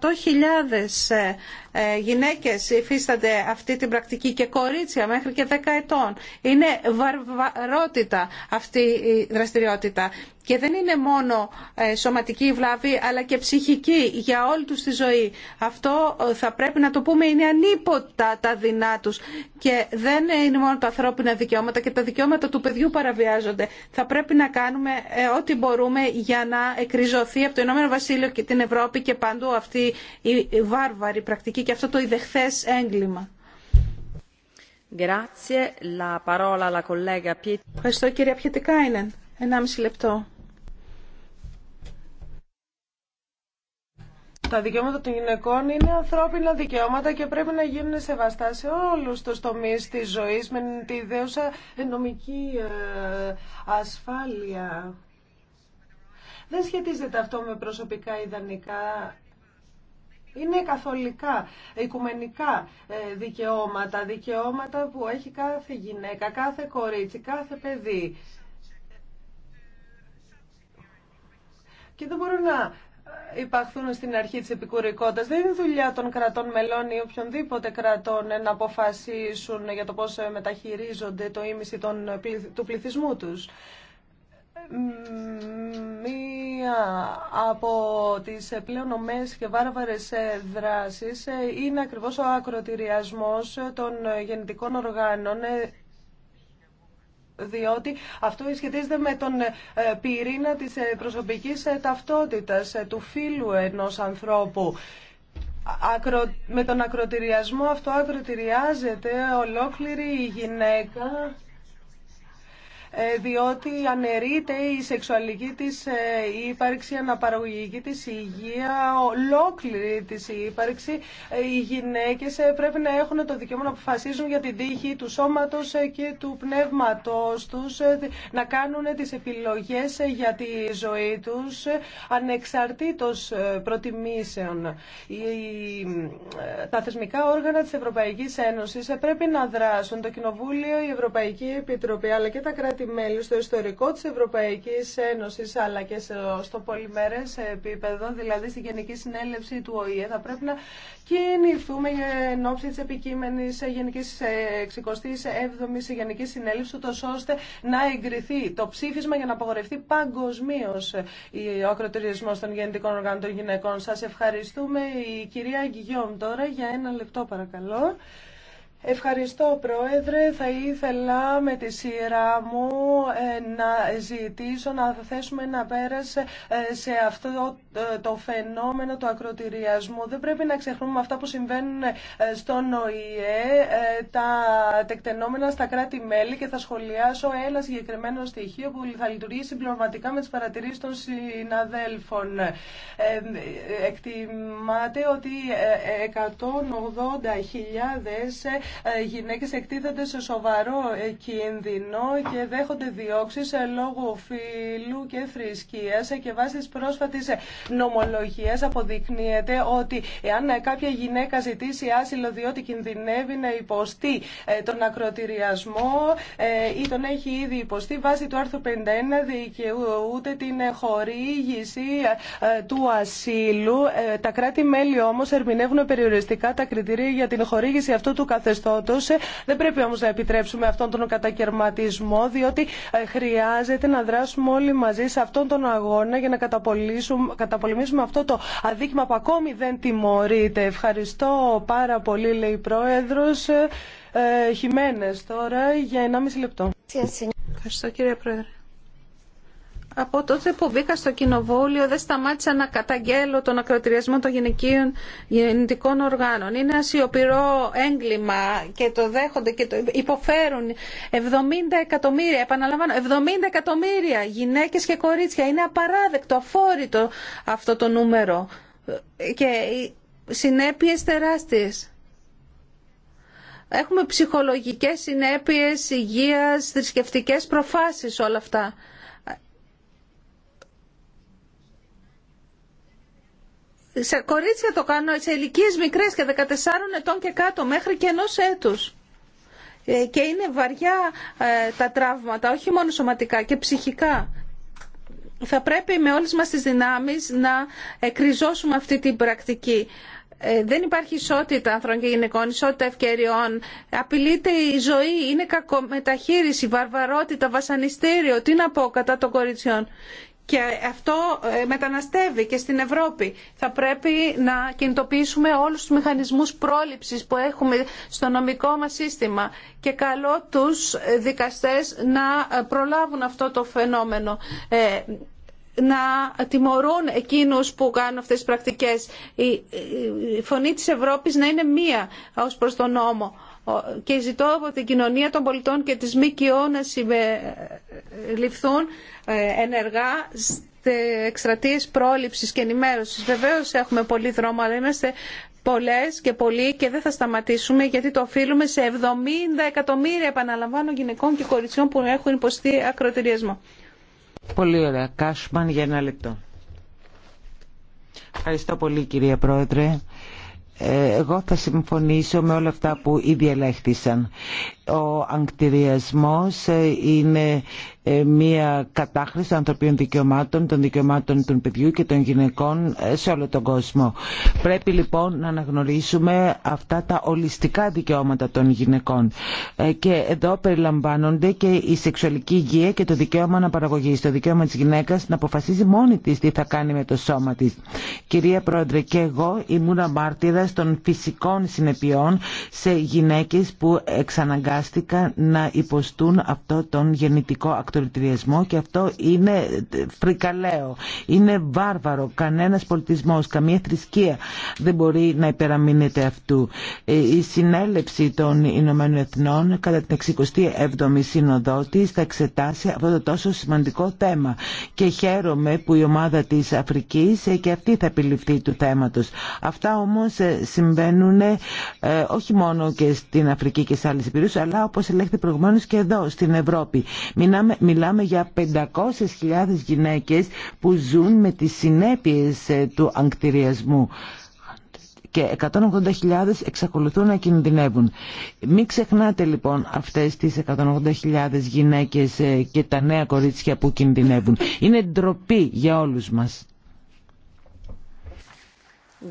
ε, γυναίκες υφίστανται αυτή την πρακτική και κορίτσια μέχρι και 10 ετών. Είναι βαρβαρότητα αυτή η δραστηριότητα. Και δεν είναι μόνο ε, σωματική βλάβη αλλά και ψυχική για όλη τους τη ζωή. Αυτό ε, θα πρέπει να το πούμε είναι ανίποτα τα δεινά τους. Και δεν είναι μόνο τα ανθρώπινα δικαιώματα και τα δικαιώματα του παιδιού παραβιάζονται. Θα πρέπει να κάνουμε ό,τι μπορούμε για να εκριζωθεί από το Ηνωμένο Βασίλειο και την Ευρώπη και παντού αυτή η βάρβαρη πρακτική και αυτό το ιδεχθές έγκλημα. Ευχαριστώ κυρία Πιετικάινεν. Ένα μισή λεπτό. Τα δικαιώματα των γυναικών είναι ανθρώπινα δικαιώματα και πρέπει να γίνουν σεβαστά σε όλους τους τομείς της ζωής με τη δέουσα νομική ε, ασφάλεια. Δεν σχετίζεται αυτό με προσωπικά ιδανικά είναι καθολικά, οικουμενικά ε, δικαιώματα, δικαιώματα που έχει κάθε γυναίκα, κάθε κορίτσι, κάθε παιδί. Και δεν μπορούν να ε, υπαχθούν στην αρχή της επικουρικότητας. Δεν είναι δουλειά των κρατών μελών ή οποιονδήποτε κρατών ε, να αποφασίσουν για το πώς μεταχειρίζονται το ίμιση του πληθυσμού τους μία από τις πλέον και βάρβαρες δράσεις είναι ακριβώς ο ακροτηριασμός των γεννητικών οργάνων διότι αυτό σχετίζεται με τον ε, πυρήνα της ε, προσωπικής ε, ταυτότητας του φίλου ενός ανθρώπου. Με τον ακροτηριασμό αυτό ακροτηριάζεται ολόκληρη η γυναίκα ε, διότι αναιρείται η σεξουαλική της ε, ύπαρξη, η αναπαραγωγική της υγεία, ολόκληρη της ύπαρξη. Ε, οι γυναίκες πρέπει να έχουν το δικαίωμα να αποφασίζουν για την τύχη του σώματος και του πνεύματος τους, να κάνουν τις επιλογές για τη ζωή τους, ανεξαρτήτως προτιμήσεων. Τα θεσμικά όργανα της Ευρωπαϊκής Ένωσης πρέπει να δράσουν το Κοινοβούλιο, η Ευρωπαϊκή Επιτροπή, αλλά και τα κράτη μελη στο ιστορικό της Ευρωπαϊκής Ένωσης αλλά και στο πολυμερές επίπεδο, δηλαδή στη Γενική Συνέλευση του ΟΗΕ, θα πρέπει να κινηθούμε εν ώψη της επικείμενης Γενικής 67ης Γενικής Συνέλευσης, ώστε να εγκριθεί το ψήφισμα για να απογορευτεί παγκοσμίω ο ακροτηρισμό των γεννητικών οργάνων των γυναικών. Σας ευχαριστούμε. Η κυρία Γιγιόμ τώρα για ένα λεπτό παρακαλώ. Ευχαριστώ Πρόεδρε. Θα ήθελα με τη σειρά μου ε, να ζητήσω να θέσουμε να πέρα ε, σε αυτό ε, το φαινόμενο του ακροτηριασμού. Δεν πρέπει να ξεχνούμε αυτά που συμβαίνουν ε, στον ΟΗΕ, ε, τα τεκτενόμενα στα κράτη-μέλη και θα σχολιάσω ένα συγκεκριμένο στοιχείο που θα λειτουργήσει συμπληρωματικά με τις παρατηρήσεις των συναδέλφων. Εκτιμάται ότι 180.000 γυναίκες εκτίθενται σε σοβαρό κίνδυνο και δέχονται διώξεις λόγω φύλου και θρησκείας και βάσει πρόσφατης νομολογίας αποδεικνύεται ότι εάν κάποια γυναίκα ζητήσει άσυλο διότι κινδυνεύει να υποστεί ε, τον ακροτηριασμό ε, ή τον έχει ήδη υποστεί βάσει του άρθρου 51 δικαιούται την χορήγηση ε, του ασύλου. Τα κράτη-μέλη όμως ερμηνεύουν περιοριστικά τα κριτήρια για την χορήγηση αυτού του καθεστώτος. Δεν πρέπει όμως να επιτρέψουμε αυτόν τον κατακαιρματισμό διότι χρειάζεται να δράσουμε όλοι μαζί σε αυτόν τον αγώνα για να καταπολύσουμε καταπολεμήσουμε αυτό το αδίκημα που ακόμη δεν τιμωρείται. Ευχαριστώ πάρα πολύ, λέει η Πρόεδρος. Ε, ε Χιμένες τώρα για 1,5 λεπτό. Ευχαριστώ κύριε Πρόεδρε. Από τότε που μπήκα στο κοινοβούλιο δεν σταμάτησα να καταγγελώ τον ακροτηριασμό των γυναικείων γεννητικών οργάνων. Είναι ασιοπηρό έγκλημα και το δέχονται και το υποφέρουν 70 εκατομμύρια, επαναλαμβάνω, 70 εκατομμύρια γυναίκες και κορίτσια. Είναι απαράδεκτο, αφόρητο αυτό το νούμερο και συνέπειες τεράστιες. Έχουμε ψυχολογικές συνέπειες, υγείας, θρησκευτικές προφάσεις όλα αυτά. σε κορίτσια το κάνω, σε ηλικίε μικρές και 14 ετών και κάτω μέχρι και ενό έτου. Ε, και είναι βαριά ε, τα τραύματα, όχι μόνο σωματικά και ψυχικά. Θα πρέπει με όλες μας τις δυνάμεις να εκριζώσουμε αυτή την πρακτική. Ε, δεν υπάρχει ισότητα ανθρώπων και γυναικών, ισότητα ευκαιριών. Απειλείται η ζωή, είναι κακομεταχείριση, βαρβαρότητα, βασανιστήριο. Τι να πω κατά των κοριτσιών. Και αυτό ε, μεταναστεύει και στην Ευρώπη. Θα πρέπει να κινητοποιήσουμε όλους τους μηχανισμούς πρόληψης που έχουμε στο νομικό μας σύστημα και καλό τους ε, δικαστές να ε, προλάβουν αυτό το φαινόμενο να τιμωρούν εκείνους που κάνουν αυτές τις πρακτικές. Η φωνή της Ευρώπης να είναι μία ως προς τον νόμο και ζητώ από την κοινωνία των πολιτών και τις ΜΚΟ να συμπεριληφθούν ε, ενεργά εκστρατείε πρόληψης και ενημέρωσης. Βεβαίως έχουμε πολύ δρόμο, αλλά είμαστε πολλές και πολλοί και δεν θα σταματήσουμε γιατί το οφείλουμε σε 70 εκατομμύρια επαναλαμβάνω γυναικών και κοριτσιών που έχουν υποστεί ακροτηριασμό. Πολύ ωραία. Κάσμαν για ένα λεπτό. Ευχαριστώ πολύ κυρία Πρόεδρε. Ε, εγώ θα συμφωνήσω με όλα αυτά που ήδη ελέγχθησαν. Ο αγκτηριασμός ε, είναι ε, μια κατάχρηση ανθρωπίνων δικαιωμάτων, των δικαιωμάτων των παιδιού και των γυναικών ε, σε όλο τον κόσμο. Πρέπει λοιπόν να αναγνωρίσουμε αυτά τα ολιστικά δικαιώματα των γυναικών. Ε, και εδώ περιλαμβάνονται και η σεξουαλική υγεία και το δικαίωμα αναπαραγωγή. Το δικαίωμα τη γυναίκα να αποφασίζει μόνη τη τι θα κάνει με το σώμα τη. Κυρία Πρόεδρε, και εγώ ήμουν μάρτυρα των φυσικών συνεπειών σε γυναίκε που εξαναγκάστηκαν να υποστούν αυτό τον γεννητικό και αυτό είναι φρικαλαίο, είναι βάρβαρο. Κανένας πολιτισμός, καμία θρησκεία δεν μπορεί να υπεραμείνεται αυτού. Ε, η συνέλευση των Ηνωμένων Εθνών κατά την 67η Σύνοδό της θα εξετάσει αυτό το τόσο σημαντικό θέμα και χαίρομαι που η ομάδα της Αφρικής ε, και αυτή θα επιληφθεί του θέματος. Αυτά όμως ε, συμβαίνουν όχι μόνο και στην Αφρική και σε άλλες υπηρεσίες αλλά όπως ελέγχεται προηγουμένως και εδώ στην Ευρώπη. Μιλάμε, Μιλάμε για 500.000 γυναίκες που ζουν με τις συνέπειες ε, του ανκτηριασμού και 180.000 εξακολουθούν να κινδυνεύουν. Μην ξεχνάτε λοιπόν αυτές τις 180.000 γυναίκες ε, και τα νέα κορίτσια που κινδυνεύουν. Είναι ντροπή για όλους μας.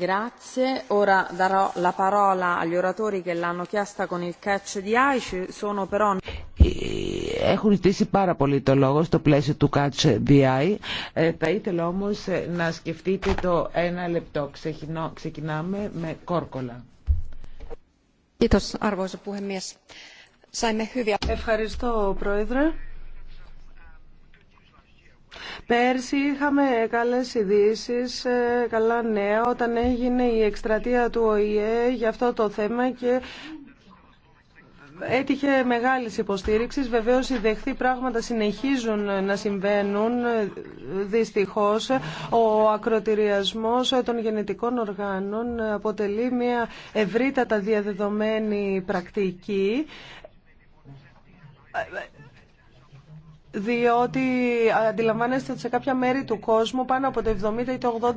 Grazie. Ora darò la parola agli oratori che l'hanno chiesta con il catch di Sono però ε, έχουν ζητήσει πάρα πολύ το λόγο στο πλαίσιο του Catch the Eye. Ε, θα ήθελα όμως ε, να σκεφτείτε το ένα λεπτό. ξεκινάμε με κόρκολα. Ευχαριστώ, Πρόεδρε. Πέρσι είχαμε καλές ειδήσει, ε, καλά νέα όταν έγινε η εκστρατεία του ΟΗΕ για αυτό το θέμα και έτυχε μεγάλη υποστήριξη. Βεβαίως οι δεχθεί πράγματα συνεχίζουν να συμβαίνουν Δυστυχώ. Ο ακροτηριασμό των γενετικών οργάνων αποτελεί μια ευρύτατα διαδεδομένη πρακτική διότι αντιλαμβάνεστε ότι σε κάποια μέρη του κόσμου πάνω από το 70 ή το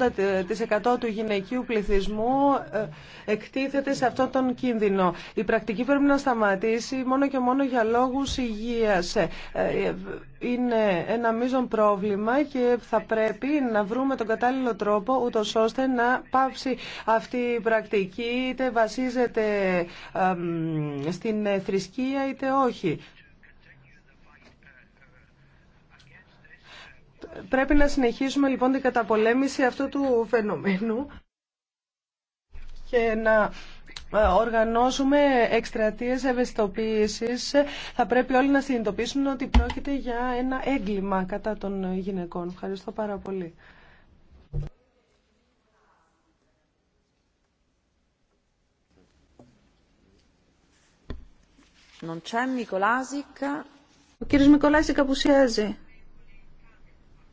80% του γυναικείου πληθυσμού ε, εκτίθεται σε αυτόν τον κίνδυνο. Η πρακτική πρέπει να σταματήσει μόνο και μόνο για λόγους υγείας. Ε, ε, είναι ένα μείζον πρόβλημα και θα πρέπει να βρούμε τον κατάλληλο τρόπο ούτω ώστε να πάψει αυτή η πρακτική είτε βασίζεται στην θρησκεία είτε όχι. Πρέπει να συνεχίσουμε λοιπόν την καταπολέμηση αυτού του φαινομένου και να ε, οργανώσουμε εκστρατείες ευαισθητοποίησης. Θα πρέπει όλοι να συνειδητοποιήσουν ότι πρόκειται για ένα έγκλημα κατά των γυναικών. Ευχαριστώ πάρα πολύ. Ο κύριος Μικολάζικα απουσιάζει.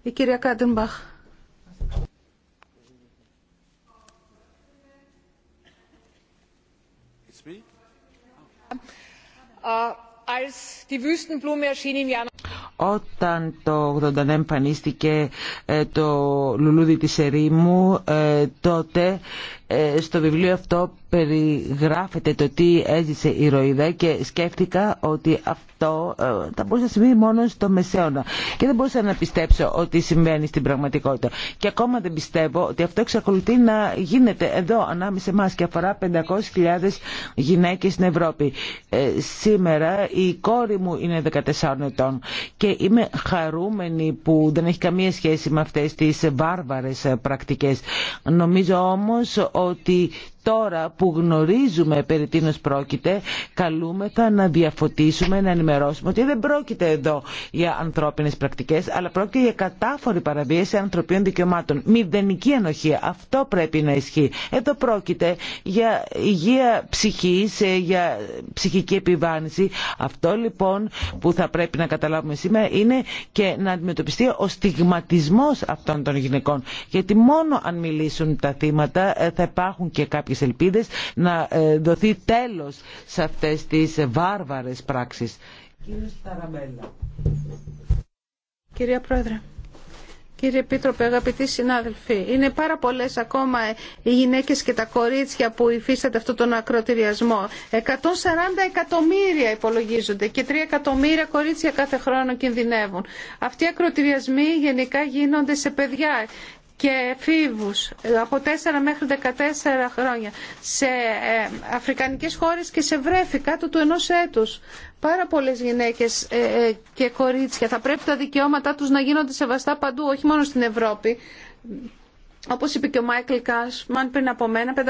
Η κυρία Κάντεμπαχ. Όταν το 1989 εμφανίστηκε ε, το λουλούδι της ερήμου, ε, τότε ε, στο βιβλίο αυτό περιγράφεται το τι έζησε η Ροϊδά και σκέφτηκα ότι αυτό ε, θα μπορούσε να συμβεί μόνο στο Μεσαίωνα και δεν μπορούσα να πιστέψω ότι συμβαίνει στην πραγματικότητα και ακόμα δεν πιστεύω ότι αυτό εξακολουθεί να γίνεται εδώ ανάμεσα μας και αφορά 500.000 γυναίκες στην Ευρώπη ε, σήμερα η κόρη μου είναι 14 ετών και είμαι χαρούμενη που δεν έχει καμία σχέση με αυτές τις βάρβαρες πρακτικές νομίζω όμως ότι τώρα που γνωρίζουμε περί τίνος πρόκειται, καλούμεθα να διαφωτίσουμε, να ενημερώσουμε ότι δεν πρόκειται εδώ για ανθρώπινες πρακτικές, αλλά πρόκειται για κατάφορη παραβίαση ανθρωπίνων δικαιωμάτων. Μηδενική ανοχή. Αυτό πρέπει να ισχύει. Εδώ πρόκειται για υγεία ψυχής, ε, για ψυχική επιβάνηση. Αυτό λοιπόν που θα πρέπει να καταλάβουμε σήμερα είναι και να αντιμετωπιστεί ο στιγματισμός αυτών των γυναικών. Γιατί μόνο αν μιλήσουν τα θύματα ε, θα υπάρχουν και κάποιες ελπίδες να ε, δοθεί τέλος σε αυτές τις βάρβαρες πράξεις. Κύριε Κυρία Πρόεδρε. Κύριε Επίτροπε, αγαπητοί συνάδελφοι, είναι πάρα πολλέ ακόμα οι γυναίκες και τα κορίτσια που υφίσταται αυτόν τον ακροτηριασμό. 140 εκατομμύρια υπολογίζονται και 3 εκατομμύρια κορίτσια κάθε χρόνο κινδυνεύουν. Αυτοί οι ακροτηριασμοί γενικά γίνονται σε παιδιά και φίβους από 4 μέχρι 14 χρόνια σε ε, αφρικανικές χώρες και σε βρέφη κάτω του ενός έτους. Πάρα πολλές γυναίκες ε, ε, και κορίτσια θα πρέπει τα δικαιώματά τους να γίνονται σεβαστά παντού, όχι μόνο στην Ευρώπη. Όπως είπε και ο Μάικλ Κάσμαν πριν από μένα, 500.000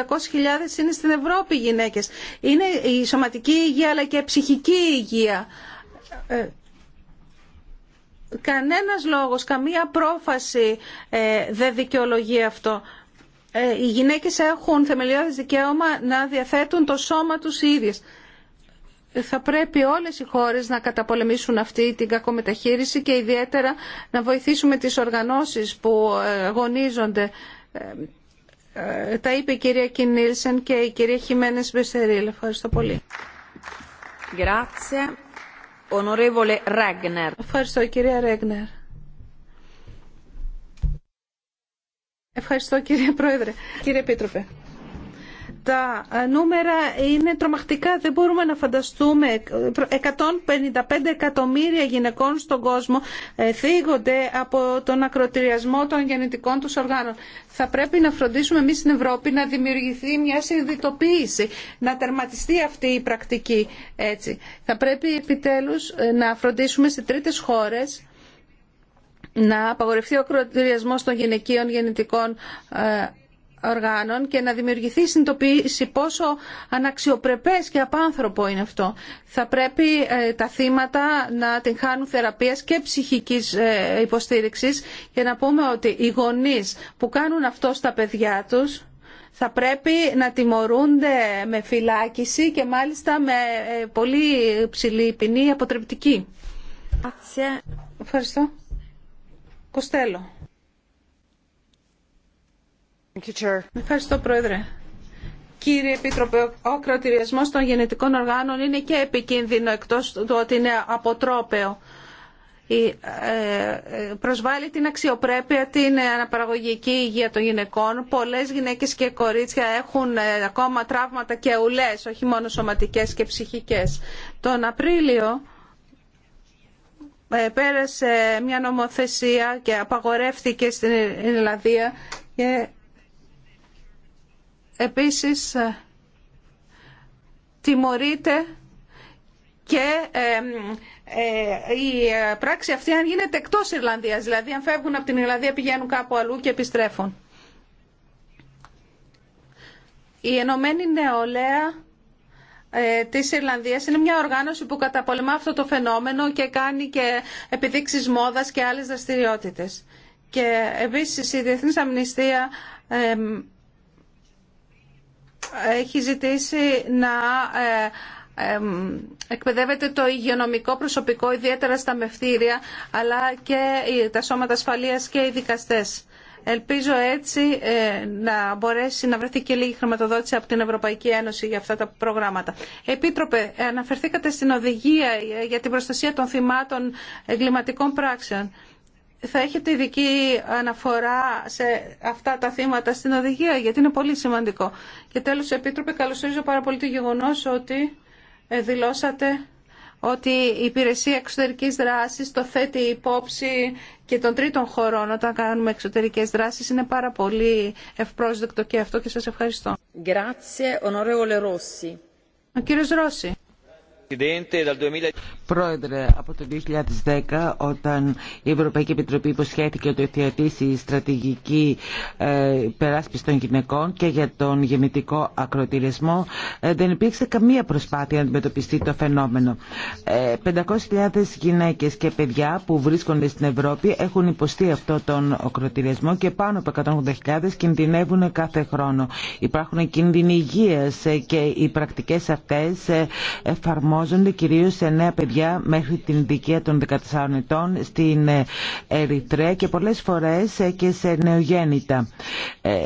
είναι στην Ευρώπη γυναίκες. Είναι η σωματική υγεία αλλά και η ψυχική υγεία Κανένας λόγος, καμία πρόφαση ε, δεν δικαιολογεί αυτό. Ε, οι γυναίκες έχουν θεμελιώδες δικαίωμα να διαθέτουν το σώμα τους ίδιες. Θα πρέπει όλες οι χώρες να καταπολεμήσουν αυτή την κακομεταχείριση και ιδιαίτερα να βοηθήσουμε τις οργανώσεις που αγωνίζονται. Ε, τα είπε η κυρία Κινίλσεν και η κυρία Χιμένες Μπεσερίλ. Ευχαριστώ πολύ. Grazie. Ευχαριστώ κυρία Ρέγνερ. Ευχαριστώ κύριε Πρόεδρε. Κύριε Επίτροπε. Τα νούμερα είναι τρομακτικά. Δεν μπορούμε να φανταστούμε. 155 εκατομμύρια γυναικών στον κόσμο ε, θίγονται από τον ακροτηριασμό των γεννητικών τους οργάνων. Θα πρέπει να φροντίσουμε εμείς στην Ευρώπη να δημιουργηθεί μια συνειδητοποίηση, να τερματιστεί αυτή η πρακτική έτσι. Θα πρέπει επιτέλους ε, να φροντίσουμε σε τρίτες χώρες να απαγορευτεί ο ακροτηριασμός των γυναικείων γεννητικών οργάνων ε, οργάνων και να δημιουργηθεί συνειδητοποίηση πόσο αναξιοπρεπές και απάνθρωπο είναι αυτό. Θα πρέπει ε, τα θύματα να την χάνουν θεραπείας και ψυχικής ε, υποστήριξης για να πούμε ότι οι γονείς που κάνουν αυτό στα παιδιά τους θα πρέπει να τιμωρούνται με φυλάκιση και μάλιστα με ε, πολύ ψηλή ποινή αποτρεπτική. Ευχαριστώ. Κοστέλο. Ευχαριστώ, Πρόεδρε. Κύριε Επίτροπε, ο κρατηριασμό των γενετικών οργάνων είναι και επικίνδυνο εκτός του ότι είναι αποτρόπαιο ε, ε, προσβάλλει την αξιοπρέπεια, την αναπαραγωγική υγεία των γυναικών. Πολλές γυναίκες και κορίτσια έχουν ε, ακόμα τραύματα και ουλές, όχι μόνο σωματικές και ψυχικές. Τον Απρίλιο πέρασε μια νομοθεσία και απαγορεύτηκε στην Ελλαδία και Επίσης, ε, τιμωρείται και ε, ε, η πράξη αυτή αν γίνεται εκτός Ιρλανδίας. Δηλαδή, αν φεύγουν από την Ιρλανδία πηγαίνουν κάπου αλλού και επιστρέφουν. Η Ενωμένη Νεολαία της Ιρλανδίας είναι μια οργάνωση που καταπολεμά αυτό το φαινόμενο και κάνει και επιδείξεις μόδας και άλλες δραστηριότητες. Και επίσης η Διεθνής Αμνηστία έχει ζητήσει να ε, εκπαιδεύεται το υγειονομικό προσωπικό, ιδιαίτερα στα μευτήρια, αλλά και τα σώματα ασφαλείας και οι δικαστές. Ελπίζω έτσι ε, να μπορέσει να βρεθεί και λίγη χρηματοδότηση από την Ευρωπαϊκή Ένωση για αυτά τα προγράμματα. Επίτροπε, αναφερθήκατε στην οδηγία για την προστασία των θυμάτων εγκληματικών πράξεων θα έχετε ειδική αναφορά σε αυτά τα θύματα στην οδηγία, γιατί είναι πολύ σημαντικό. Και τέλος, Επίτροπε, καλωσορίζω πάρα πολύ το γεγονός ότι ε, δηλώσατε ότι η υπηρεσία εξωτερικής δράσης το θέτει υπόψη και των τρίτων χωρών όταν κάνουμε εξωτερικές δράσεις. Είναι πάρα πολύ ευπρόσδεκτο και αυτό και σας ευχαριστώ. Grazie, Ο κύριος Ρώση. Πρόεδρε, από το 2010 όταν η Ευρωπαϊκή Επιτροπή υποσχέθηκε ότι θα η στρατηγική ε, περάσπιση των γυναικών και για τον γεμητικό ακροτηρισμό ε, δεν υπήρξε καμία προσπάθεια να αντιμετωπιστεί το φαινόμενο. 500.000 ε, γυναίκες και παιδιά που βρίσκονται στην Ευρώπη έχουν υποστεί αυτό τον ακροτηρισμό και πάνω από 180.000 κινδυνεύουν κάθε χρόνο. Υπάρχουν κίνδυνοι υγείας και οι πρακτικές αυτές εφαρμόζονται εφαρμόζονται κυρίως σε νέα παιδιά μέχρι την ηλικία των 14 ετών στην ε, Ερυθρέα και πολλές φορές ε, και σε νεογέννητα. Ε,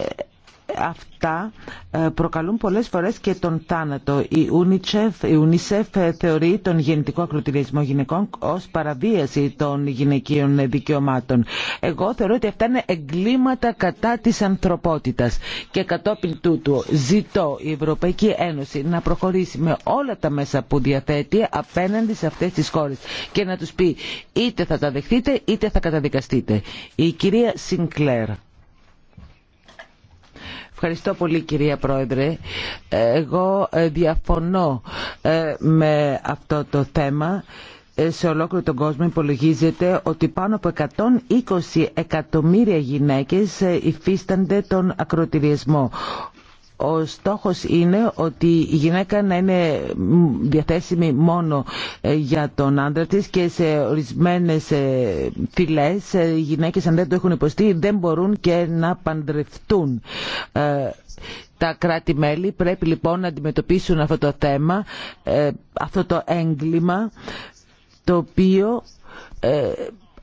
αυτά ε, προκαλούν πολλές φορές και τον θάνατο. Η UNICEF, η UNICEF θεωρεί τον γεννητικό ακροτηριασμό γυναικών ως παραβίαση των γυναικείων δικαιωμάτων. Εγώ θεωρώ ότι αυτά είναι εγκλήματα κατά της ανθρωπότητας και κατόπιν τούτου ζητώ η Ευρωπαϊκή Ένωση να προχωρήσει με όλα τα μέσα που διαθέτει απέναντι σε αυτές τις χώρες και να τους πει είτε θα τα δεχτείτε είτε θα καταδικαστείτε. Η κυρία Σινκλέρ. Ευχαριστώ πολύ κυρία Πρόεδρε. Εγώ ε, διαφωνώ ε, με αυτό το θέμα ε, σε ολόκληρο τον κόσμο υπολογίζεται ότι πάνω από 120 εκατομμύρια γυναίκες υφίστανται τον ακροτηριασμό. Ο στόχος είναι ότι η γυναίκα να είναι διαθέσιμη μόνο ε, για τον άντρα της και σε ορισμένες ε, φυλές ε, οι γυναίκες αν δεν το έχουν υποστεί δεν μπορούν και να παντρευτούν. Τα κράτη-μέλη πρέπει λοιπόν να αντιμετωπίσουν αυτό το θέμα, αυτό το έγκλημα το οποίο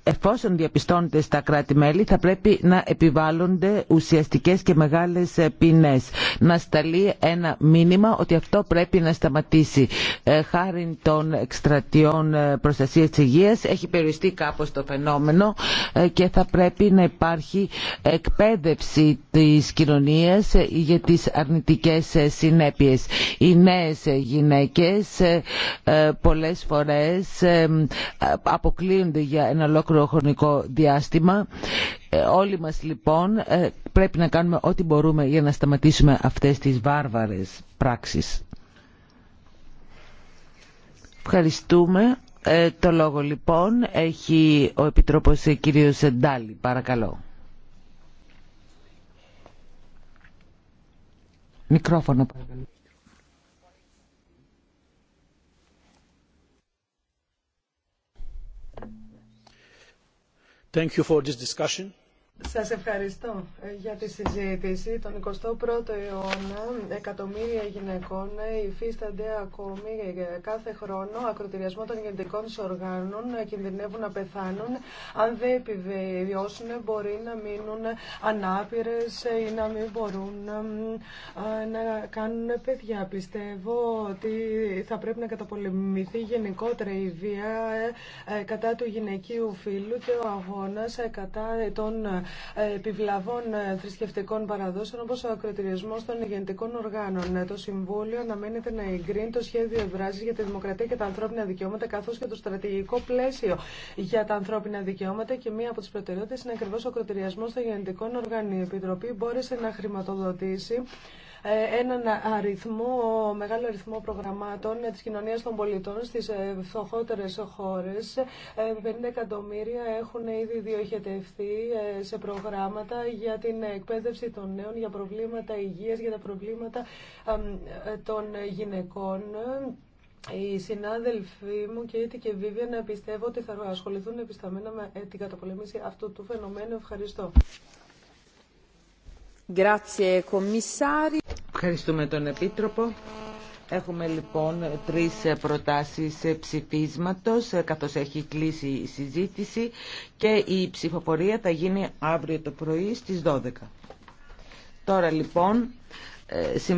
εφόσον διαπιστώνεται στα κράτη-μέλη θα πρέπει να επιβάλλονται ουσιαστικές και μεγάλες ε, ποινές. Να σταλεί ένα μήνυμα ότι αυτό πρέπει να σταματήσει. Ε, χάρη των εκστρατιών ε, προστασίας της υγείας έχει περιοριστεί κάπως το φαινόμενο και θα πρέπει να υπάρχει εκπαίδευση της κοινωνίας για τις αρνητικές συνέπειες. Οι νέες γυναίκες πολλές φορές αποκλείονται για ένα ολόκληρο ολόκληρο χρονικό διάστημα. Ε, όλοι μας λοιπόν ε, πρέπει να κάνουμε ό,τι μπορούμε για να σταματήσουμε αυτές τις βάρβαρες πράξεις. Ευχαριστούμε. Ε, το λόγο λοιπόν έχει ο Επιτρόπος κύριος Σεντάλη. Παρακαλώ. Μικρόφωνο παρακαλώ. thank you for this discussion. Σας ευχαριστώ ε, για τη συζήτηση. Τον 21ο αιώνα εκατομμύρια γυναικών ε, υφίστανται ακόμη ε, κάθε χρόνο ακροτηριασμό των γεννητικών οργάνων οργάνων, κινδυνεύουν να πεθάνουν. Αν δεν επιβιώσουν μπορεί να μείνουν ανάπηρες ή να μην μπορούν να κάνουν παιδιά. Πιστεύω ότι θα πρέπει να καταπολεμηθεί γενικότερα η βία κατά του γυναικείου φίλου και ο αγώνας κατά των ε, επιβλαβών ε, θρησκευτικών παραδόσεων όπως ο ακροτηριασμός των γεννητικών οργάνων. Ε, το Συμβούλιο αναμένεται να εγκρίνει το σχέδιο δράση για τη δημοκρατία και τα ανθρώπινα δικαιώματα καθώς και το στρατηγικό πλαίσιο για τα ανθρώπινα δικαιώματα και μία από τις προτεραιότητες είναι ακριβώς ο ακροτηριασμός των γεννητικών οργάνων. Η Επιτροπή μπόρεσε να χρηματοδοτήσει ε, έναν αριθμό, μεγάλο αριθμό προγραμμάτων της κοινωνίας των πολιτών στις ε, φτωχότερε χώρες. 50 ε, εκατομμύρια έχουν ήδη διοχετευθεί σε προγράμματα για την εκπαίδευση των νέων, για προβλήματα υγείας, για τα προβλήματα των γυναικών. Οι συνάδελφοί μου και η και Βίβια να πιστεύω ότι θα ασχοληθούν επισταμένα με την καταπολεμήση αυτού του φαινομένου. Ευχαριστώ. Ευχαριστούμε τον Επίτροπο. Έχουμε λοιπόν τρεις προτάσεις ψηφίσματος, καθώς έχει κλείσει η συζήτηση και η ψηφοφορία θα γίνει αύριο το πρωί στις 12. Τώρα λοιπόν... Ε,